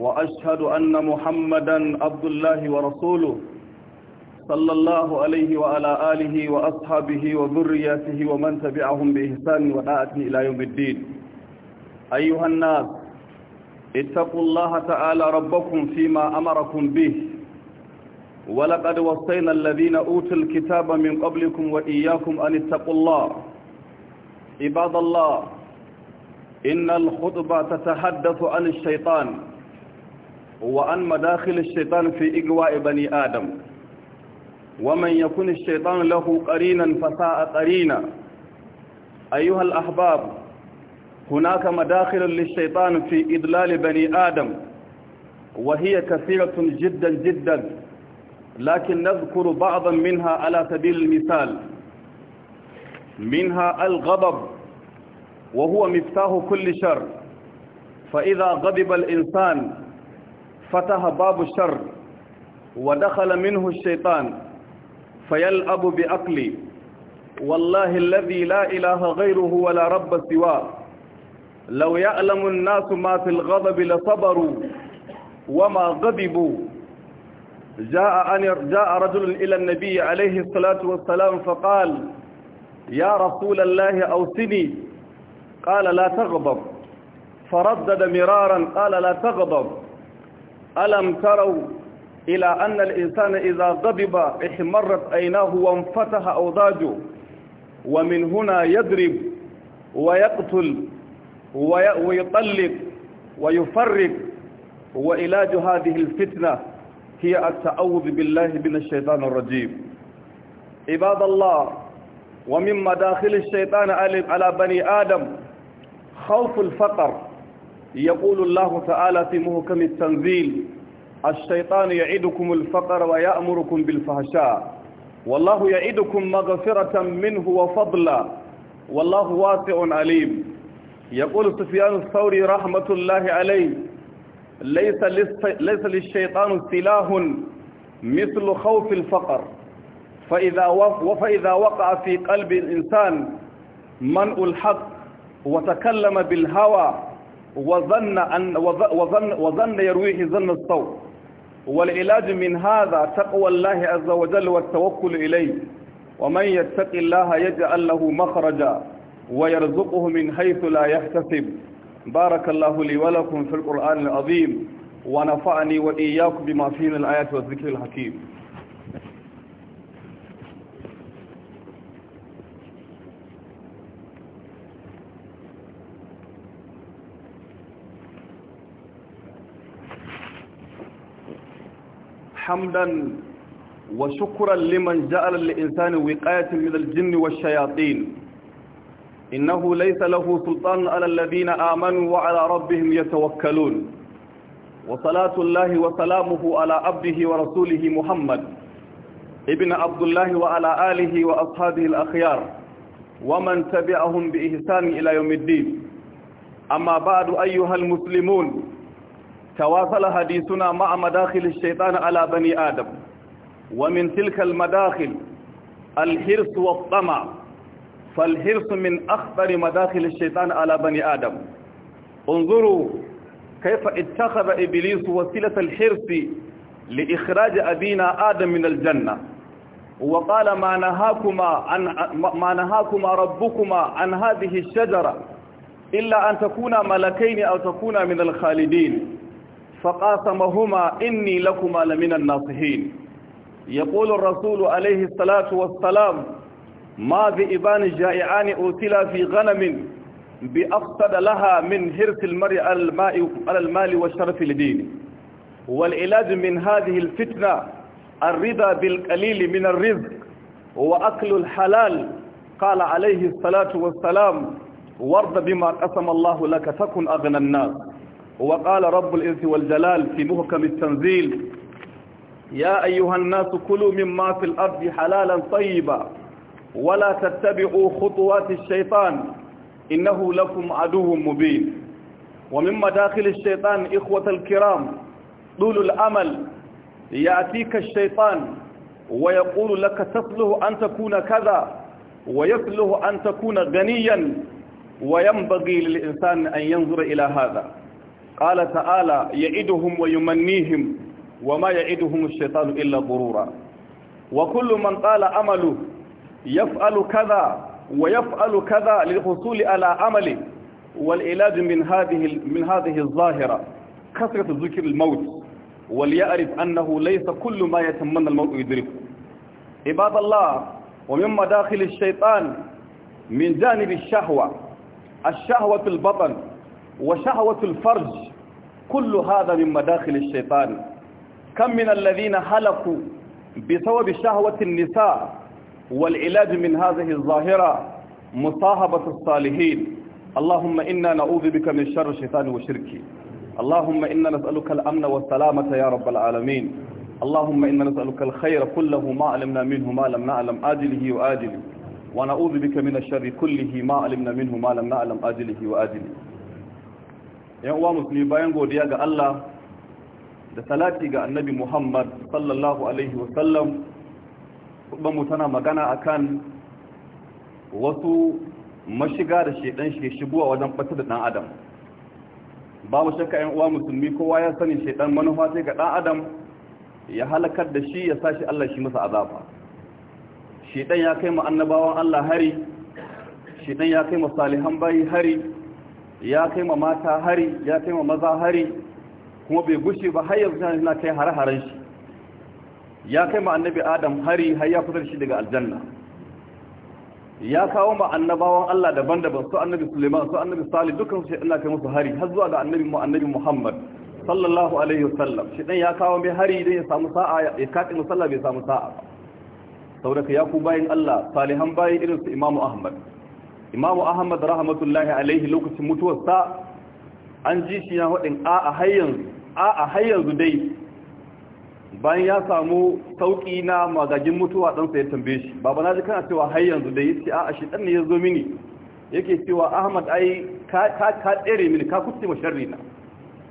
وأشهد أن محمدا عبد الله ورسوله صلى الله عليه وعلى آله وأصحابه وذرياته ومن تبعهم بإحسان وداعته إلى يوم الدين أيها الناس اتقوا الله تعالى ربكم فيما أمركم به ولقد وصينا الذين أوتوا الكتاب من قبلكم وإياكم أن اتقوا الله عباد الله إن الخطبة تتحدث عن الشيطان وأن مداخل الشيطان في إقواء بني آدم ومن يكون الشيطان له قرينا فساء قرينا أيها الأحباب هناك مداخل للشيطان في إضلال بني آدم وهي كثيرة جدا جدا لكن نذكر بعضا منها على سبيل المثال منها الغضب وهو مفتاح كل شر فإذا غضب الإنسان فتح باب الشر ودخل منه الشيطان فيلعب بأقلي والله الذي لا إله غيره ولا رب سواه لو يعلم الناس ما في الغضب لصبروا وما غضبوا جاء, أن جاء رجل إلى النبي عليه الصلاة والسلام فقال يا رسول الله أوصني قال لا تغضب فردد مرارا قال لا تغضب ألم تروا إلى أن الإنسان إذا غضب احمرت أيناه وانفتح أوضاجه ومن هنا يضرب ويقتل ويطلق ويفرق وعلاج هذه الفتنة هي التعوذ بالله من الشيطان الرجيم عباد الله ومن مداخل الشيطان على بني آدم خوف الفقر يقول الله تعالى في مهكم التنزيل الشيطان يعدكم الفقر ويأمركم بالفحشاء والله يعدكم مغفرة منه وفضلا والله واسع عليم يقول سفيان الثوري رحمة الله عليه ليس ليس للشيطان سلاح مثل خوف الفقر فإذا وفإذا وقع في قلب الإنسان منء الحق وتكلم بالهوى وظن, أن وظن, وظن يرويه ظن الصوت والعلاج من هذا تقوى الله عز وجل والتوكل إليه ومن يتق الله يجعل له مخرجا ويرزقه من حيث لا يحتسب بارك الله لي ولكم في القرآن العظيم ونفعني وإياكم بما فيه من الآيات والذكر الحكيم حمدا وشكرا لمن جعل للإنسان وقاية من الجن والشياطين إنه ليس له سلطان على الذين آمنوا وعلى ربهم يتوكلون وصلاة الله وسلامه على عبده ورسوله محمد ابن عبد الله وعلى آله وأصحابه الأخيار ومن تبعهم بإحسان إلى يوم الدين أما بعد أيها المسلمون تواصل حديثنا مع مداخل الشيطان على بني آدم ومن تلك المداخل الحرص والطمع فالحرص من أخطر مداخل الشيطان على بني آدم انظروا كيف اتخذ إبليس وسيلة الحرص لإخراج أبينا آدم من الجنة وقال ما نهاكما عن ما نهاكما ربكما عن هذه الشجرة إلا أن تكونا ملكين أو تكونا من الخالدين فقاسمهما إني لكما لمن الناصحين يقول الرسول عليه الصلاة والسلام ما ذئبان جائعان أوتلا في غنم بأفسد لها من هرس المرء على المال والشرف لدينه والعلاج من هذه الفتنة الرضا بالقليل من الرزق وأكل الحلال قال عليه الصلاة والسلام وارض بما قسم الله لك تكن أغنى الناس وقال رب الإنس والجلال في محكم التنزيل يا أيها الناس كلوا مما في الأرض حلالا طيبا ولا تتبعوا خطوات الشيطان إنه لكم عدو مبين ومن مداخل الشيطان إخوة الكرام طول الأمل يأتيك الشيطان ويقول لك تصله أن تكون كذا ويصله أن تكون غنيا وينبغي للإنسان أن ينظر إلى هذا قال تعالى يعدهم ويمنيهم وما يعدهم الشيطان إلا غرورا وكل من قال أمله يفعل كذا ويفعل كذا للحصول على عمله والعلاج من هذه من هذه الظاهرة كثرة ذكر الموت وليعرف أنه ليس كل ما يتمنى الموت يدركه عباد الله ومما داخل الشيطان من جانب الشهوة الشهوة البطن وشهوة الفرج كل هذا من مداخل الشيطان كم من الذين هلكوا بسبب شهوة النساء والعلاج من هذه الظاهرة مصاحبة الصالحين اللهم إنا نعوذ بك من شر الشيطان وشركه اللهم إنا نسألك الأمن والسلامة يا رب العالمين اللهم إنا نسألك الخير كله ما علمنا منه ما لم نعلم آجله وآجله ونعوذ بك من الشر كله ما علمنا منه ما لم نعلم آجله وآجله yan uwa musulmi bayan godiya ga Allah da salati ga annabi Muhammad sallallahu alaihi wasallam mu tana magana akan wasu mashiga da shedan shi shigowa wajen bata da dan adam babu shakka yan uwa musulmi kowa ya sani shedan manufa sai ga dan adam ya halakar da shi ya sashi Allah shi masa azaba shedan ya kai mu annabawan Allah hari shedan ya kai mu salihan bayi hari ya kai ma mata hari ya kai ma maza hari kuma bai gushe ba har yanzu yana kai har haren shi ya kai ma annabi adam hari har ya fitar shi daga aljanna ya kawo ma annabawan Allah daban-daban su annabi Suleiman su annabi Salih dukkan su Allah kai musu hari har zuwa ga annabi mu annabi Muhammad sallallahu alaihi wasallam shi dan ya kawo mai hari dan ya samu sa'a ya kaɗi musalla bai samu sa'a ba saboda ya ku bayin Allah salihan bayin irin su Imam Ahmad imamu ahmad rahmatullahi alaihi lokacin mutuwarsa an ji shi ya waɗin a a yanzu dai bayan ya samu sauƙi na magagin mutuwa ɗansa ya tambaye shi baba na ji kana cewa yanzu dai yace a a shi ɗan ne ya zo mini yake cewa ahmad ai ka tsere mini ka kuce ma sharri na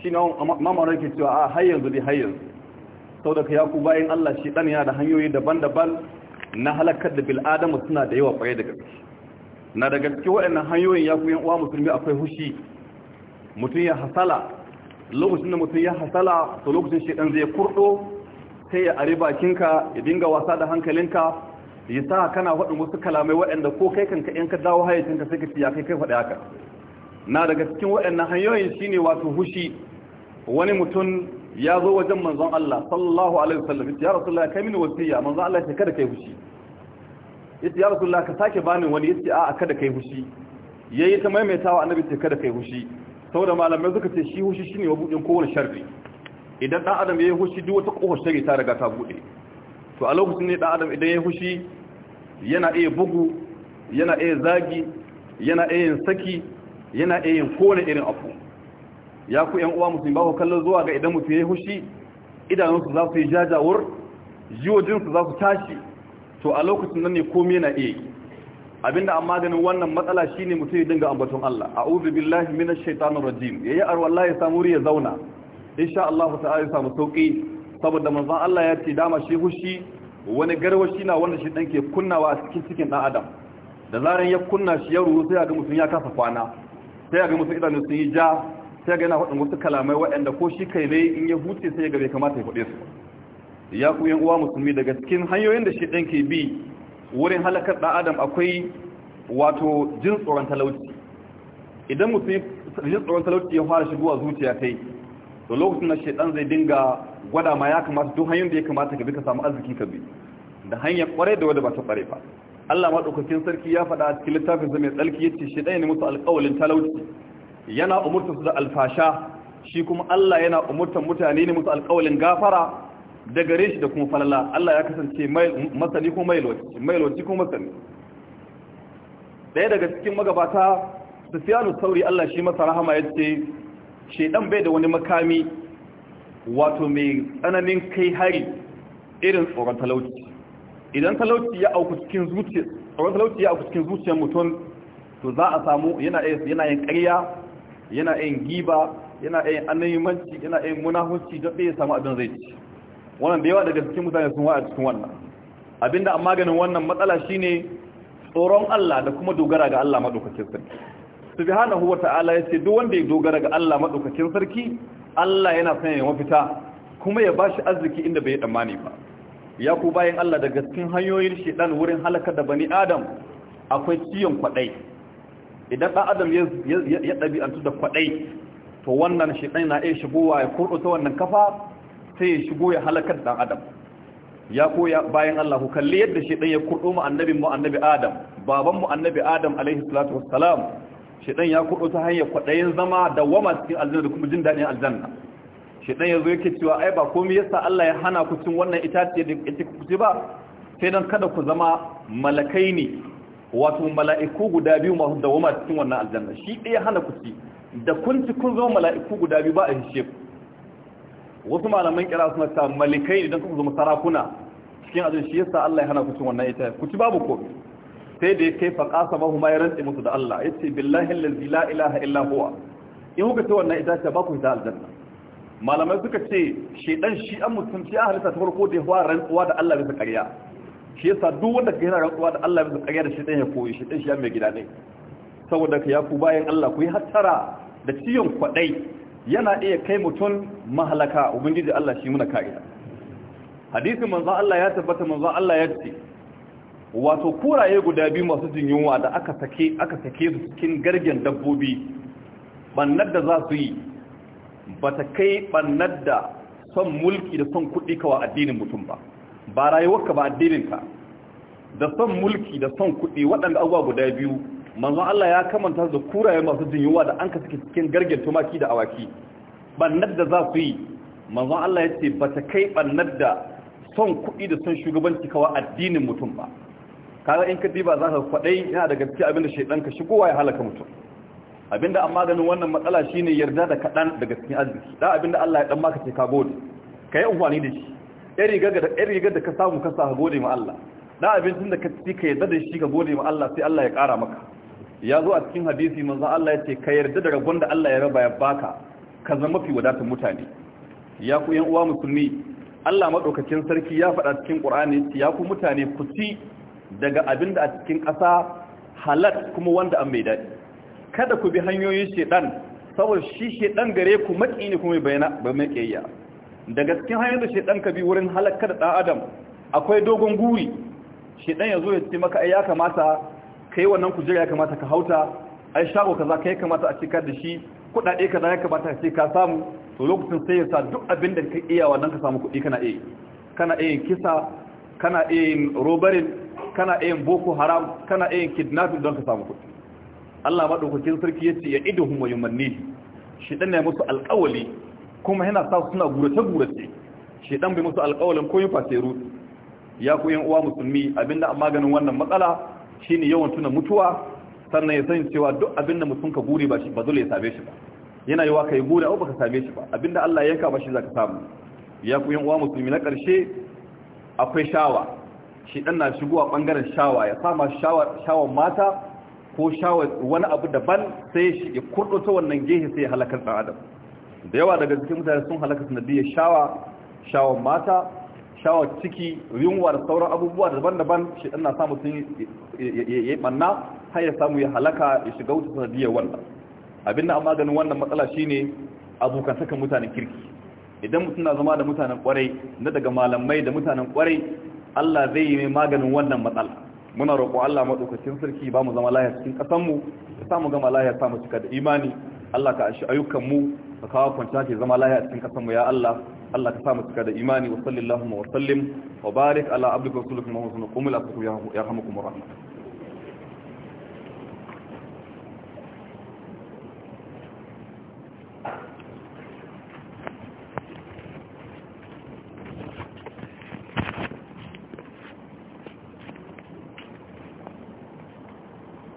shi na mamarar ke cewa a yanzu dai hayyanzu sau da ka yaku bayan allah shi ɗan yana da hanyoyi daban-daban na halakar da bil'adama suna da yawa kwaye daga gaske na daga cikin waɗannan hanyoyin ya kuyan uwa musulmi akwai hushi mutum ya hasala lokacin da mutum ya hasala to lokacin shaidan zai kurdo sai ya are bakinka ya dinga wasa da hankalinka ya sa kana faɗin wasu kalamai waɗanda ko kai kanka in ka dawo hayyacinka sai ka ci ya kai kai faɗi haka na daga cikin waɗannan hanyoyin shine wato hushi wani mutum ya zo wajen manzon Allah sallallahu alaihi wasallam ya rasulullahi kai mini wasiya manzon Allah ya kada kai hushi yace ya rasulullah ka sake bani wani yace a kada kai hushi yayi ta maimaitawa annabi ce kada kai hushi saboda malamai suka ce shi hushi shine wa mabudin kowane sharri idan dan adam yayi hushi duk wata kofar sharri ta riga ta bude to a lokacin ne dan adam idan yayi hushi yana iya bugu yana iya zagi yana iya yin saki yana iya yin kowane irin abu ya ku yan uwa musulmi ba ku kallon zuwa ga idan mutum yayi hushi idanunsu za su yi jajawur jiwojinsu za su tashi to a lokacin nan ne komai na iya abinda an maganin wannan matsala shine mutum ya dinga ambaton Allah a'udhu billahi minash shaitanir rajim Ya yayi ar wallahi samu ya zauna insha Allah ta'ala ya samu sauki saboda manzon Allah ya ce dama shi hushi wani garwashi na wanda shi ɗan ke kunnawa a cikin cikin dan adam da zaran ya kunna shi ya ruhu sai ga mutum ya kasa kwana sai ga mutum idanu sun yi ja sai ga yana faɗin wasu kalamai waɗanda ko shi kai ne in ya huce sai ga bai kamata ya faɗe su ya ku yan uwa musulmi daga cikin hanyoyin da shi ɗan ke bi wurin halakar ɗan adam akwai wato jin tsoron talauci idan mutum jin tsoron talauci ya fara shigowa zuciya kai to lokacin da shaidan zai dinga gwada ma ya kamata duk hanyoyin da ya kamata ka bi ka samu arziki ka bi da hanyar kware da wadda ba ta kware ba Allah ma dokokin sarki ya faɗa a cikin littafin zai mai tsarki ya ce shi ɗaya ne musu alƙawalin talauci yana umurta su da alfasha shi kuma Allah yana umurtar mutane ne musu alƙawalin gafara da gare shi da kuma falala Allah ya kasance masani ko mailoci mailoci ko masani daya daga cikin magabata Sufyanu Sauri Allah shi masa rahama yace shedan bai da wani makami wato mai tsananin kai hari irin tsoron talauci idan talauci ya auku cikin zuciya tsoron talauci ya auku cikin zuciyar mutum to za a samu yana yana yin ƙarya yana yin giba yana yin annayimanci yana yin munafunci don bai samu abin zai ci wannan da yawa daga cikin mutane sun wa'a cikin wannan abinda a maganin wannan matsala shine tsoron Allah da kuma dogara ga Allah madaukakin sarki subhanahu ya ce duk wanda ya dogara ga Allah madaukakin sarki Allah yana son ya mafita kuma ya bashi arziki inda bai mani ba ya ku bayan Allah daga cikin hanyoyin shedan wurin halaka da bani adam akwai ciyon kwadai idan dan adam ya dabi'antu da kwadai to wannan shedan na iya shigowa ya kurɗuta wannan kafa sai ya shigo ya halakar dan adam ya koya bayan Allah ku kalli yadda shedan ya kudo mu annabin mu annabi Adam baban mu annabi Adam alaihi salatu wassalam shedan ya kudo ta hanyar kwadayin zama da wama cikin aljanna da kuma jin dadin aljanna shedan yazo yake cewa ai ba komai yasa Allah ya hana ku cin wannan itace da ita ku ba sai dan kada ku zama malakai ne wato mala'iku guda biyu masu dawama cikin wannan aljanna shi ɗaya hana ku ci da kun ci kun zama mala'iku guda biyu ba a hishe ku wasu malaman kira suna ta malikai idan kuma zama sarakuna cikin azin shi yasa Allah ya hana ku cin wannan ita ku ci babu ko sai da ya kai fa qasamahu ma yarantsi musu da Allah yace billahi allazi la ilaha illa huwa in kuka ci wannan ita ta ba ku ta aljanna malamai suka ce shedan shi an mutunci a halitta ta farko da ya rantsuwa da Allah bisa ƙarya shi yasa duk wanda ka yana rantsuwa da Allah bisa ƙarya da shedan ya koyi shedan shi ya mai gida ne saboda ka ya ku bayan Allah ku yi hattara da ciyon kwadai yana iya kai mutum mahalaka ubangiji Allah shi muna ka'ida hadisin manzo Allah ya tabbata manzo Allah ya ce wato kuraye guda biyu masu jin da aka sake aka sake su cikin gargen dabbobi bannar da za su yi bata kai bannar da son mulki da son kuɗi kawa addinin mutum ba ba rayuwarka ba addininka da son mulki da son kuɗi waɗanda abubuwa guda biyu manzo Allah ya kamanta da kuraye masu jin da an ka suke cikin gargen tumaki da awaki bannar da za su yi manzo Allah ya ce ba ta kai bannar da son kuɗi da son shugabanci kawai addinin mutum ba kaga in ka diba za ka kwadai yana da gaske abinda shaidan ka shigowa ya halaka mutum abinda an maganin wannan matsala shine yarda da kaɗan daga cikin arziki da abinda Allah ya dan maka ce ka gode ka yi da shi ɗan rigar da ka samu ka sa gode ma Allah da abincin da ka ci ka yarda da shi ka gode ma Allah sai Allah ya ƙara maka ya zo a cikin hadisi manzo Allah ya ce ka yarda da ragon da Allah ya raba ya baka ka zama mafi wadatar mutane ya ku yan uwa musulmi Allah madaukakin sarki ya faɗa cikin Qur'ani ya ku mutane ku ci daga abin da a cikin ƙasa halal kuma wanda an mai dadi. kada ku bi hanyoyin shedan saboda shi shedan gare ku maki ne kuma bayana ba mai kiyaya daga cikin hanyoyin da shedan ka bi wurin halakar da adam akwai dogon guri shedan yazo ya ce maka ai ya kamata kai wannan kujera ya kamata ka hauta ai shago kaza kai kamata a cika da shi kudade kaza ya kamata ka ce ka samu to lokacin sai ya sa duk abin da ka iya wannan ka samu kudi kana iya kana iya kisa kana iya robarin kana iya boko haram kana iya kidnapping don ka samu kudi Allah madaukakin sarki yace ya iduhum wa yumanni shi dan ne musu alƙawali kuma yana sa suna gurace gurace shi dan bai musu alƙawalin koyin faseru ya ku yan uwa musulmi abinda amma ganin wannan matsala Shi ne yawan tuna mutuwa sannan ya san cewa duk abin da mutum ka gure ba shi ba same shi ba yana yiwa guri gure ba ka same shi ba da Allah yanka ba shi za ka samu ya ku musulmi na ƙarshe akwai shawa shi ɗan na shigowa ɓangaren shawa ya sama shawa mata ko shawa wani abu daban sai shi ya kurdo ta wannan gehe sai ya halakar dan adam da yawa daga cikin mutane sun halaka sanadiyar shawa shawan mata shawar ciki da sauran abubuwa daban-daban shi ɗan na samu sun yi ɓanna har ya samu ya halaka ya shiga wuta sanadiyar wannan abin amma ganin wannan matsala shine abokan saka mutanen kirki idan mutum na zama da mutanen kwarai na daga malamai da mutanen kwarai Allah zai yi mai maganin wannan matsala muna roƙo Allah maɗaukacin sarki ba mu zama lahiya cikin ƙasanmu ya samu gama lahiya samu cika da imani Allah ka ashi mu ka kawo kwanciya ke zama lahiya cikin ƙasanmu ya Allah Allah ka sa mu cika da imani wa sallallahu wa sallim wa barik ala abdika wa rasulika Muhammadin qumil asfiya yarhamukum rahmatullahi